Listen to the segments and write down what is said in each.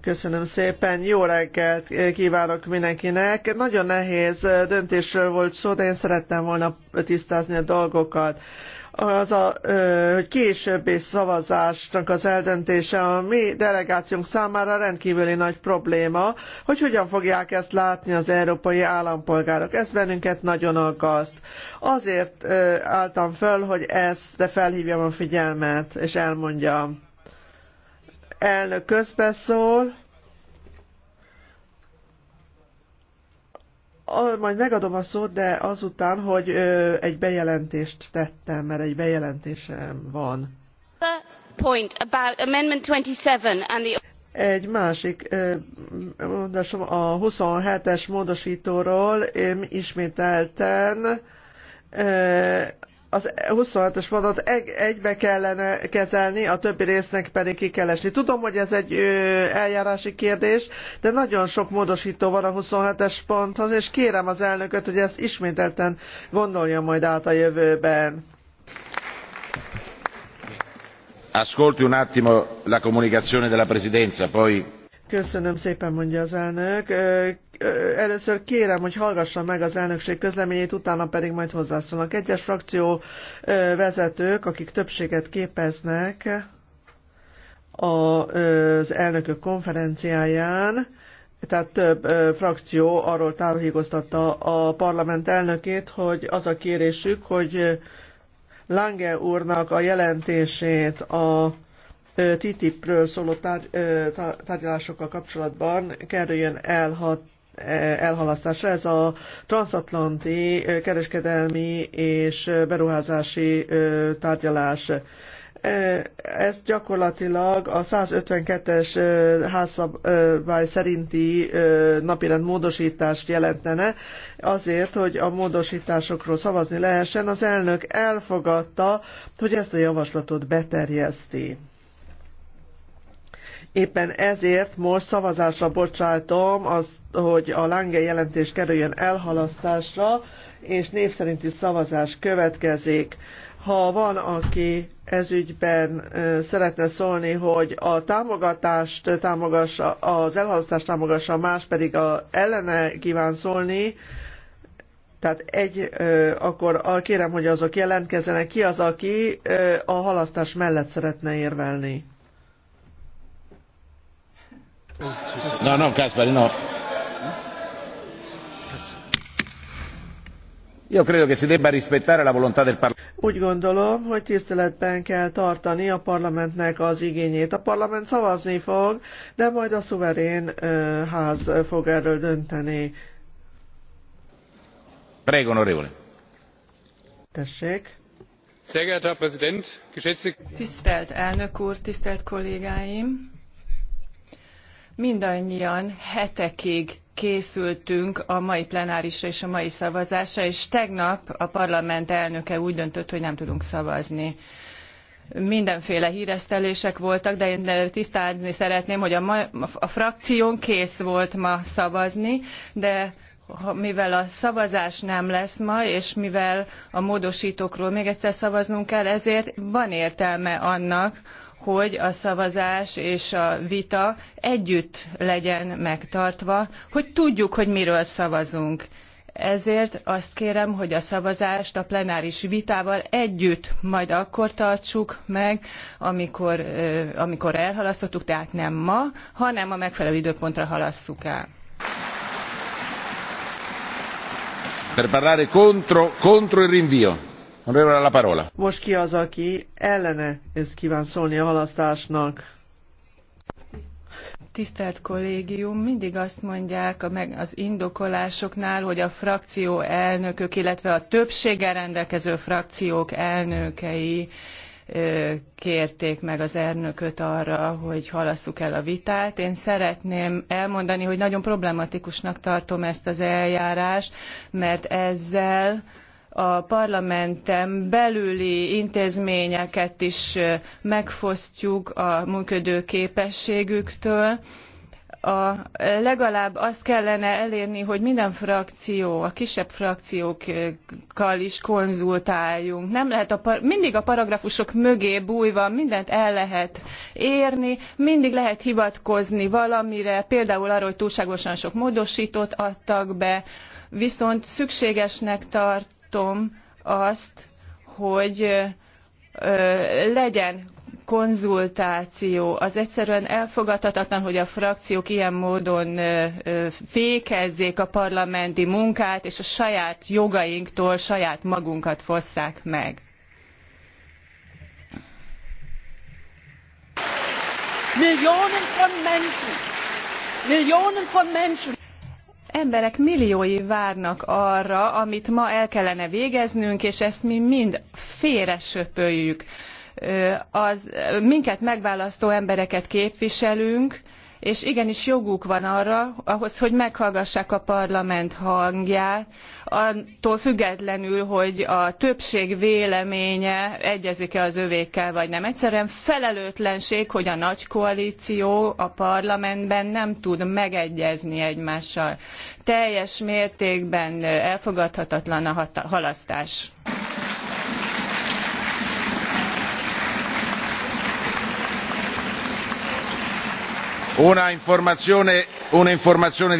Köszönöm szépen, jó reggelt kívánok mindenkinek. Nagyon nehéz döntésről volt szó, de én szerettem volna tisztázni a dolgokat az a, hogy későbbi szavazásnak az eldöntése a mi delegációnk számára rendkívüli nagy probléma, hogy hogyan fogják ezt látni az európai állampolgárok. Ez bennünket nagyon aggaszt. Azért álltam föl, hogy ezt felhívjam a figyelmet, és elmondjam. Elnök közbeszól majd megadom a szót, de azután, hogy ö, egy bejelentést tettem, mert egy bejelentésem van. Point about amendment 27 and the... Egy másik ö, mondásom a 27-es módosítóról ismételten ö, az 27-es mondat egybe kellene kezelni, a többi résznek pedig ki kell esni. Tudom, hogy ez egy eljárási kérdés, de nagyon sok módosító van a 27-es ponthoz, és kérem az elnököt, hogy ezt ismételten gondolja majd át a jövőben. Ascolti un attimo la comunicazione della Presidenza, poi Köszönöm szépen, mondja az elnök. Először kérem, hogy hallgassa meg az elnökség közleményét, utána pedig majd hozzászólnak. Egyes frakció vezetők, akik többséget képeznek az elnökök konferenciáján, tehát több frakció arról tájékoztatta a parlament elnökét, hogy az a kérésük, hogy Lange úrnak a jelentését a TTIP-ről szóló tár, tárgyalásokkal kapcsolatban kerüljön elhat e, elhalasztásra. Ez a transatlanti kereskedelmi és beruházási tárgyalás. Ezt gyakorlatilag a 152-es házszabály szerinti napirend módosítást jelentene, azért, hogy a módosításokról szavazni lehessen. Az elnök elfogadta, hogy ezt a javaslatot beterjeszti. Éppen ezért most szavazásra bocsátom azt, hogy a Lange jelentés kerüljön elhalasztásra, és név szerinti szavazás következik. Ha van, aki ezügyben szeretne szólni, hogy a támogatást támogassa, az elhalasztást támogassa, más pedig a ellene kíván szólni, tehát egy, akkor kérem, hogy azok jelentkezenek. Ki az, aki a halasztás mellett szeretne érvelni? No, no, Caspari, no. Io credo che si debba rispettare la volontà del Parlamento. Úgy gondolom, hogy tiszteletben kell tartani a parlamentnek az igényét. A parlament szavazni fog, de majd a szuverén uh, ház fog erről dönteni. Prego, onorevole. Tessék. Sehr geehrter Präsident, geschätzte... Tisztelt elnök úr, tisztelt kollégáim! mindannyian hetekig készültünk a mai plenárisra és a mai szavazásra, és tegnap a parlament elnöke úgy döntött, hogy nem tudunk szavazni mindenféle híresztelések voltak, de én tisztázni szeretném, hogy a, ma, a frakción kész volt ma szavazni, de mivel a szavazás nem lesz ma, és mivel a módosítókról még egyszer szavaznunk kell, ezért van értelme annak, hogy a szavazás és a vita együtt legyen megtartva, hogy tudjuk, hogy miről szavazunk. Ezért azt kérem, hogy a szavazást a plenáris vitával együtt majd akkor tartsuk meg, amikor, amikor elhalasztottuk, tehát nem ma, hanem a megfelelő időpontra halasszuk el. Per parlare contro, contro il rinvio la parola. Most ki az, aki ellene ez kíván szólni a halasztásnak? Tisztelt kollégium, mindig azt mondják a meg az indokolásoknál, hogy a frakció elnökök, illetve a többséggel rendelkező frakciók elnökei kérték meg az elnököt arra, hogy halasszuk el a vitát. Én szeretném elmondani, hogy nagyon problematikusnak tartom ezt az eljárást, mert ezzel a parlamenten belüli intézményeket is megfosztjuk a működőképességüktől. A, legalább azt kellene elérni, hogy minden frakció, a kisebb frakciókkal is konzultáljunk. Nem lehet a par, mindig a paragrafusok mögé bújva mindent el lehet érni, mindig lehet hivatkozni valamire, például arra, hogy túlságosan sok módosítót adtak be, viszont szükségesnek tart támogatom azt, hogy legyen konzultáció. Az egyszerűen elfogadhatatlan, hogy a frakciók ilyen módon fékezzék a parlamenti munkát, és a saját jogainktól saját magunkat fosszák meg. Millionen von Menschen, Millionen von Menschen emberek milliói várnak arra, amit ma el kellene végeznünk, és ezt mi mind félre söpöljük. Az minket megválasztó embereket képviselünk, és igenis joguk van arra, ahhoz, hogy meghallgassák a parlament hangját, attól függetlenül, hogy a többség véleménye egyezik-e az övékkel, vagy nem. Egyszerűen felelőtlenség, hogy a nagy koalíció a parlamentben nem tud megegyezni egymással. Teljes mértékben elfogadhatatlan a halasztás. Una informazione, una informazione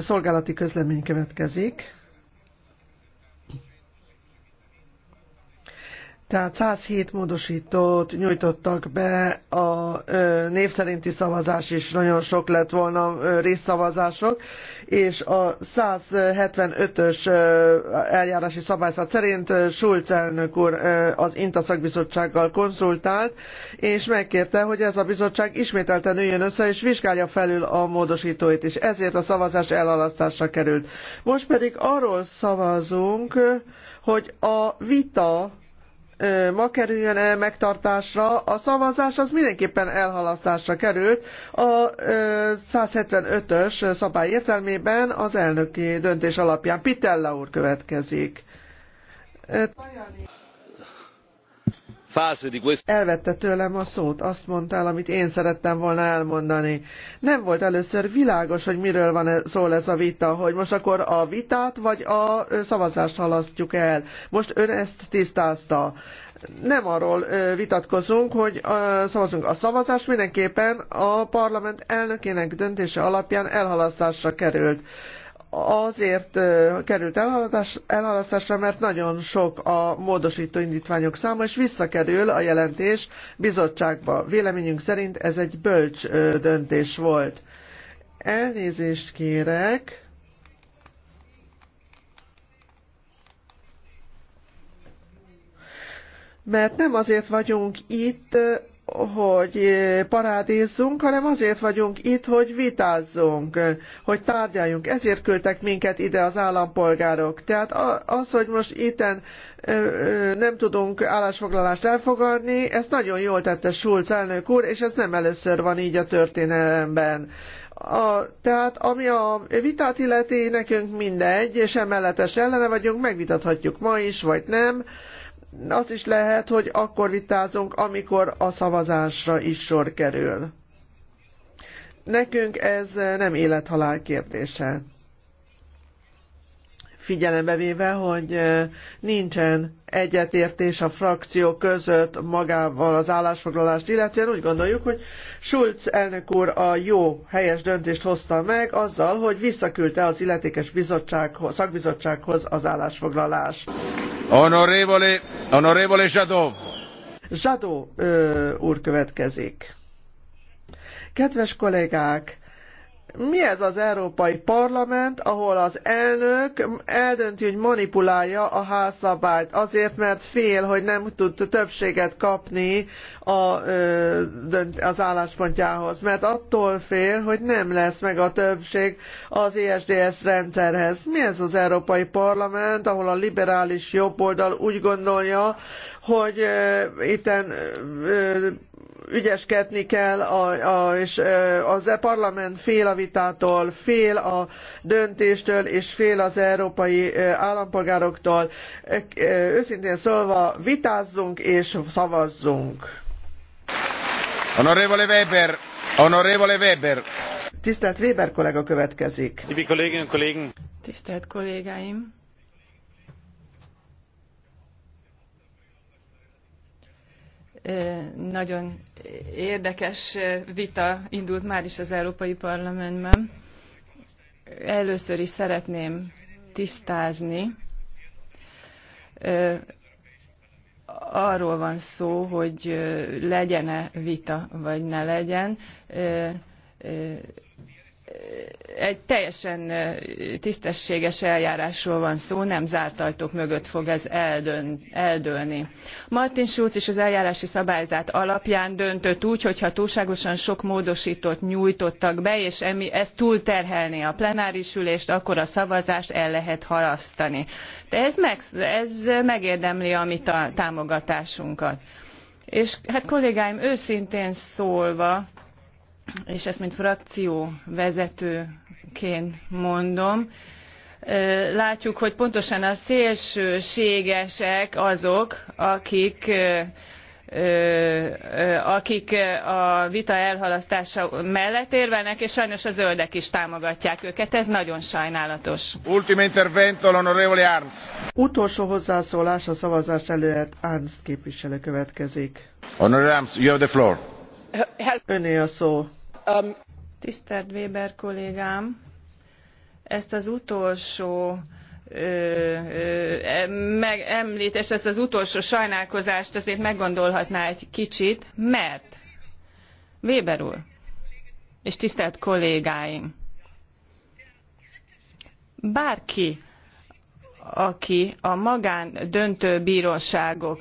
Szolgálati közlemény következik. Tehát 107 módosítót nyújtottak be, a ö, név szerinti szavazás is nagyon sok lett volna ö, részszavazások, és a 175-ös eljárási szabályzat szerint ö, Schulz elnök úr ö, az INTA szakbizottsággal konzultált, és megkérte, hogy ez a bizottság ismételten üljön össze, és vizsgálja felül a módosítóit is. Ezért a szavazás elalasztásra került. Most pedig arról szavazunk, hogy a vita ma kerüljön -e megtartásra. A szavazás az mindenképpen elhalasztásra került. A 175-ös szabály értelmében az elnöki döntés alapján Pitella úr következik. Tajani. Elvette tőlem a szót, azt el, amit én szerettem volna elmondani. Nem volt először világos, hogy miről van e, szól ez a vita, hogy most akkor a vitát vagy a szavazást halasztjuk el. Most ön ezt tisztázta nem arról vitatkozunk, hogy szavazunk. A szavazás mindenképpen a parlament elnökének döntése alapján elhalasztásra került azért került elhalasztásra, mert nagyon sok a módosító indítványok száma, és visszakerül a jelentés bizottságba. Véleményünk szerint ez egy bölcs döntés volt. Elnézést kérek. Mert nem azért vagyunk itt, hogy parádézzunk, hanem azért vagyunk itt, hogy vitázzunk, hogy tárgyaljunk. Ezért küldtek minket ide az állampolgárok. Tehát az, hogy most itten nem tudunk állásfoglalást elfogadni, ezt nagyon jól tette Schulz elnök úr, és ez nem először van így a történelemben. A, tehát ami a vitát illeti, nekünk mindegy, és emelletes ellene vagyunk, megvitathatjuk ma is, vagy nem. Az is lehet, hogy akkor vitázunk, amikor a szavazásra is sor kerül. Nekünk ez nem élethalál kérdése figyelembe véve, hogy nincsen egyetértés a frakció között magával az állásfoglalást, illetően úgy gondoljuk, hogy Schulz elnök úr a jó, helyes döntést hozta meg azzal, hogy visszaküldte az illetékes bizottsághoz, szakbizottsághoz az állásfoglalást. Honorevole, honorevole Zsadó! Zsadó úr következik. Kedves kollégák, mi ez az Európai Parlament, ahol az elnök eldönti, hogy manipulálja a házszabályt azért, mert fél, hogy nem tud többséget kapni a, az álláspontjához, mert attól fél, hogy nem lesz meg a többség az ESDS rendszerhez. Mi ez az Európai Parlament, ahol a liberális jobboldal úgy gondolja, hogy itten ügyeskedni kell, a, a, és az e parlament fél a vitától, fél a döntéstől, és fél az európai állampolgároktól. Őszintén szólva, vitázzunk és szavazzunk. Honorevole Weber, honorevole Weber. Tisztelt Weber kollega következik. Tisztelt kollégáim! nagyon érdekes vita indult már is az Európai Parlamentben. Először is szeretném tisztázni. Arról van szó, hogy legyen-e vita, vagy ne legyen egy teljesen tisztességes eljárásról van szó, nem zárt ajtók mögött fog ez eldön, eldőlni. Martin Schulz is az eljárási szabályzat alapján döntött úgy, hogyha túlságosan sok módosítót nyújtottak be, és emi, ez túlterhelné a plenáris ülést, akkor a szavazást el lehet halasztani. De ez, meg, ez megérdemli a mi támogatásunkat. És hát kollégáim, őszintén szólva, és ezt mint frakció vezetőként mondom, látjuk, hogy pontosan a szélsőségesek azok, akik akik a vita elhalasztása mellett érvelnek, és sajnos a zöldek is támogatják őket. Ez nagyon sajnálatos. Ultima intervento, l'onorevole Arns. Utolsó hozzászólás a szavazás előtt Arns képviselő következik. Honorable Arms, you have the floor. Öné a szó. Um, tisztelt Weber kollégám, ezt az utolsó e, megemltés, ezt az utolsó sajnálkozást azért meggondolhatná egy kicsit, mert Weber úr és tisztelt kollégáim, bárki, aki a magán döntő bíróságok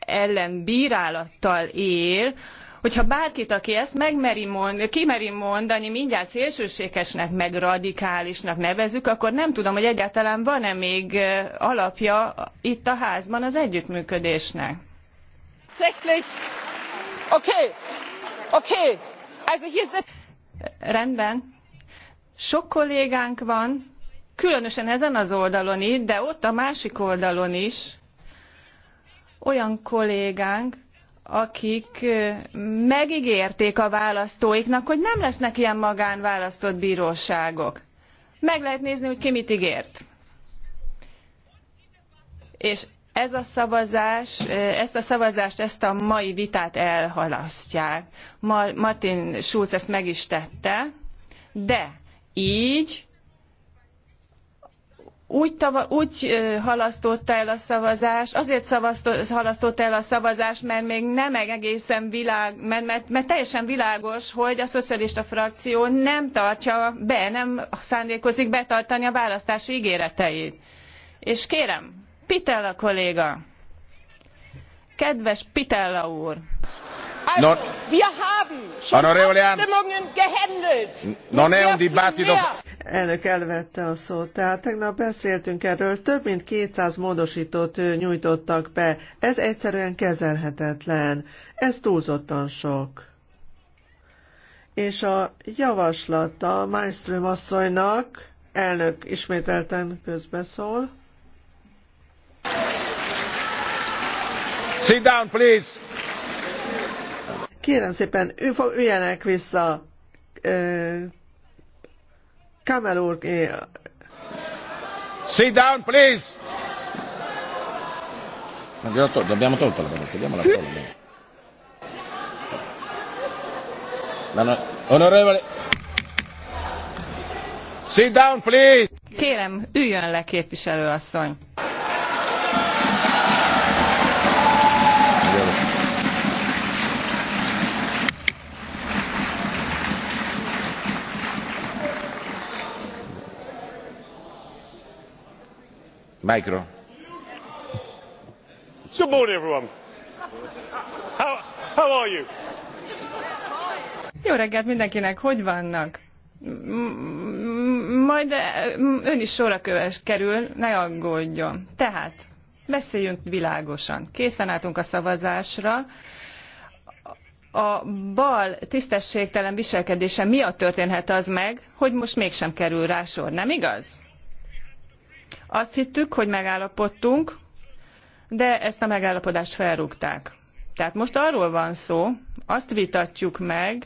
ellen bírálattal él, hogyha bárkit aki ezt mond, kimeri mondani mindjárt szélsőségesnek meg radikálisnak nevezzük akkor nem tudom hogy egyáltalán van e még alapja itt a házban az együttműködésnek. rendben sok kollégánk van különösen ezen az oldalon itt de ott a másik oldalon is olyan kollégánk akik megígérték a választóiknak, hogy nem lesznek ilyen magánválasztott bíróságok. Meg lehet nézni, hogy ki mit ígért. És ez a szavazás, ezt a szavazást, ezt a mai vitát elhalasztják. Ma, Martin Schulz ezt meg is tette, de így úgy, tava, úgy halasztotta el a szavazást, azért halasztotta el a szavazást, mert még nem egészen világ, mert, mert, mert teljesen világos, hogy a szocialista frakció nem tartja be, nem szándékozik betartani a választási ígéreteit. És kérem, Pitella kolléga, kedves Pitella úr, Also, non, wir haben schon Abstimmungen gehandelt. Non è un dibattito... Elnök elvette a szót. Tehát tegnap beszéltünk erről, több mint 200 módosítót nyújtottak be. Ez egyszerűen kezelhetetlen. Ez túlzottan sok és a javaslata Malmström asszonynak, elnök ismételten közbeszól. Sit down, please! Kérem szépen, ő fog, üljenek vissza. Kamel úr. Sit down, please. Abbiamo tolto la parola, togliamo la parola. Onorevole. Sit down, please. Kérem, üljön le, képviselő asszony. Micro. Good morning, everyone. How, how are you? Jó reggelt mindenkinek, hogy vannak? Majd e, ön is sorra köves kerül, ne aggódjon. Tehát, beszéljünk világosan. Készen álltunk a szavazásra a bal tisztességtelen viselkedése miatt történhet az meg, hogy most mégsem kerül rá sor, nem igaz? Azt hittük, hogy megállapodtunk, de ezt a megállapodást felrúgták. Tehát most arról van szó, azt vitatjuk meg,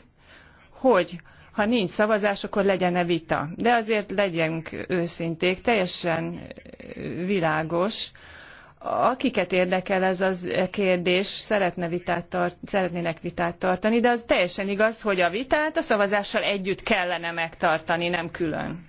hogy ha nincs szavazás, akkor legyen-e vita. De azért legyünk őszinték, teljesen világos, akiket érdekel ez az kérdés, szeretne vitát szeretnének vitát tartani, de az teljesen igaz, hogy a vitát a szavazással együtt kellene megtartani, nem külön.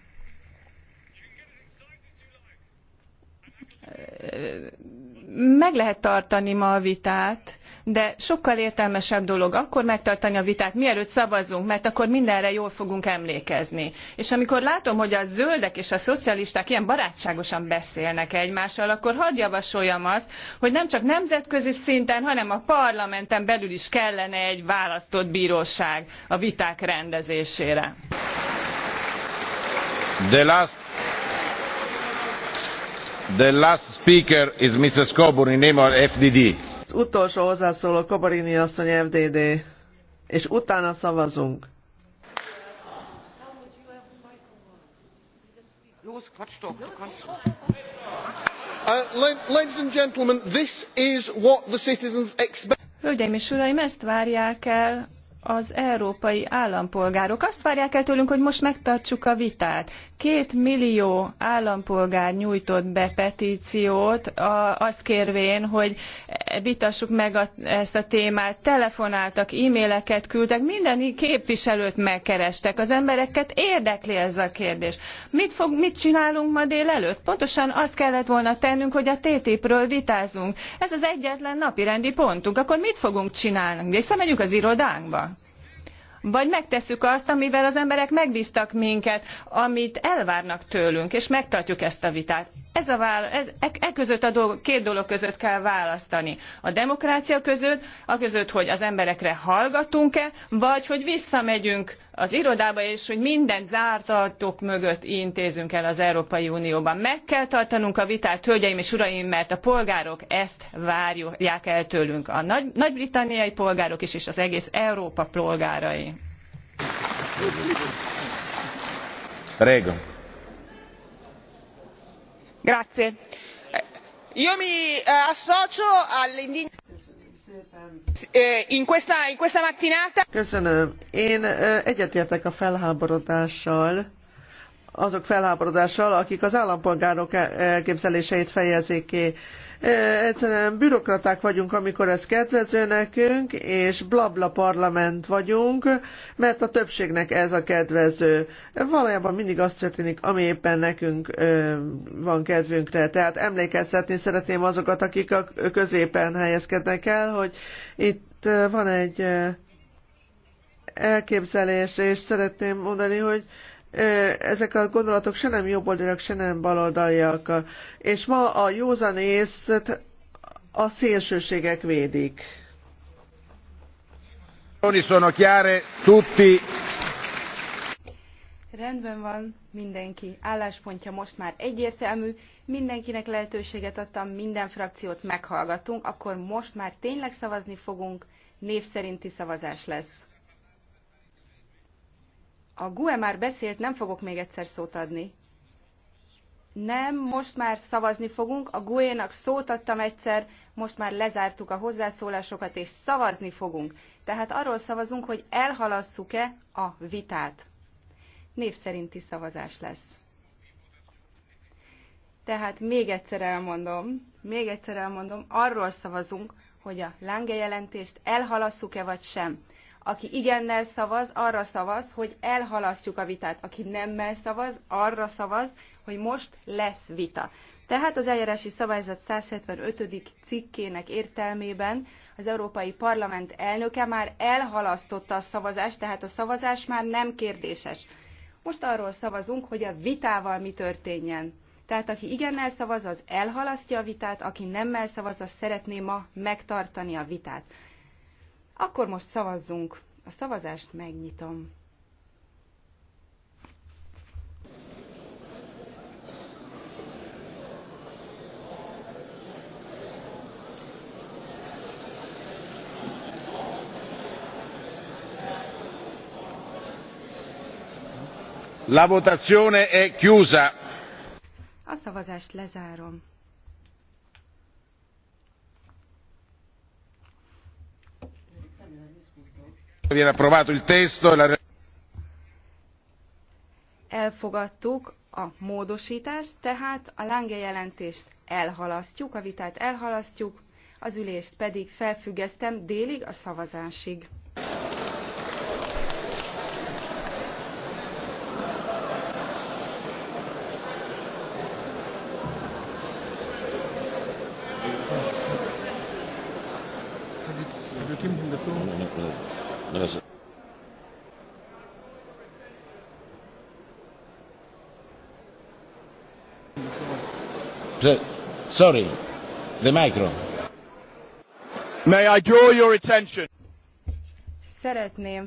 meg lehet tartani ma a vitát, de sokkal értelmesebb dolog akkor megtartani a vitát, mielőtt szavazunk, mert akkor mindenre jól fogunk emlékezni. És amikor látom, hogy a zöldek és a szocialisták ilyen barátságosan beszélnek egymással, akkor hadd javasoljam azt, hogy nem csak nemzetközi szinten, hanem a parlamenten belül is kellene egy választott bíróság a viták rendezésére. The last az utolsó hozzászóló Koborini asszony FDD, és utána szavazunk. Hölgyeim és uraim, ezt várják el az európai állampolgárok. Azt várják el tőlünk, hogy most megtartsuk a vitát. Két millió állampolgár nyújtott be petíciót, a, azt kérvén, hogy vitassuk meg a, ezt a témát. Telefonáltak, e-maileket küldtek, minden képviselőt megkerestek. Az embereket érdekli ez a kérdés. Mit, fog, mit csinálunk ma délelőtt? Pontosan azt kellett volna tennünk, hogy a TTIP-ről vitázunk. Ez az egyetlen napirendi pontunk. Akkor mit fogunk csinálni? Visszamegyünk az irodánkba? vagy megtesszük azt, amivel az emberek megbíztak minket, amit elvárnak tőlünk, és megtartjuk ezt a vitát. Ez a vála- ez, e, e között a dolog, két dolog között kell választani. A demokrácia között, a között, hogy az emberekre hallgatunk-e, vagy hogy visszamegyünk az irodába, és hogy minden zárt ajtók mögött intézünk el az Európai Unióban. Meg kell tartanunk a vitát, hölgyeim és uraim, mert a polgárok ezt várják el tőlünk. A nagy- nagy-britanniai polgárok is, és az egész Európa polgárai io mi eh, associo eh, in questa mattinata. köszönöm én eh, egyetértek a felháborodással azok felháborodással, akik az állampolgárok elképzeléseit fejezik ki. E, egyszerűen bürokraták vagyunk, amikor ez kedvező nekünk, és blabla parlament vagyunk, mert a többségnek ez a kedvező. Valójában mindig az történik, ami éppen nekünk e, van kedvünkre. Tehát emlékeztetni szeretném azokat, akik a középen helyezkednek el, hogy itt e, van egy elképzelés, és szeretném mondani, hogy ezek a gondolatok se nem jobboldalak, se nem baloldaliak. És ma a józanész a szélsőségek védik. Sono chiare tutti. Rendben van, mindenki álláspontja most már egyértelmű, mindenkinek lehetőséget adtam, minden frakciót meghallgatunk, akkor most már tényleg szavazni fogunk, név szerinti szavazás lesz. A GUE már beszélt, nem fogok még egyszer szót adni. Nem, most már szavazni fogunk. A GUE-nak szót adtam egyszer, most már lezártuk a hozzászólásokat, és szavazni fogunk. Tehát arról szavazunk, hogy elhalasszuk-e a vitát. Név szerinti szavazás lesz. Tehát még egyszer elmondom, még egyszer elmondom, arról szavazunk, hogy a lángejelentést elhalasszuk-e vagy sem. Aki igennel szavaz, arra szavaz, hogy elhalasztjuk a vitát. Aki nemmel szavaz, arra szavaz, hogy most lesz vita. Tehát az eljárási szabályzat 175. cikkének értelmében az Európai Parlament elnöke már elhalasztotta a szavazást, tehát a szavazás már nem kérdéses. Most arról szavazunk, hogy a vitával mi történjen. Tehát aki igennel szavaz, az elhalasztja a vitát, aki nemmel szavaz, az szeretné ma megtartani a vitát. Akkor most szavazzunk. A szavazást megnyitom. La votazione è chiusa. A szavazást lezárom. E Elfogadtuk a módosítást, tehát a Lange jelentést elhalasztjuk, a vitát elhalasztjuk, az ülést pedig felfüggesztem délig a szavazásig. Sorry, the micro. May I draw your attention? Szeretném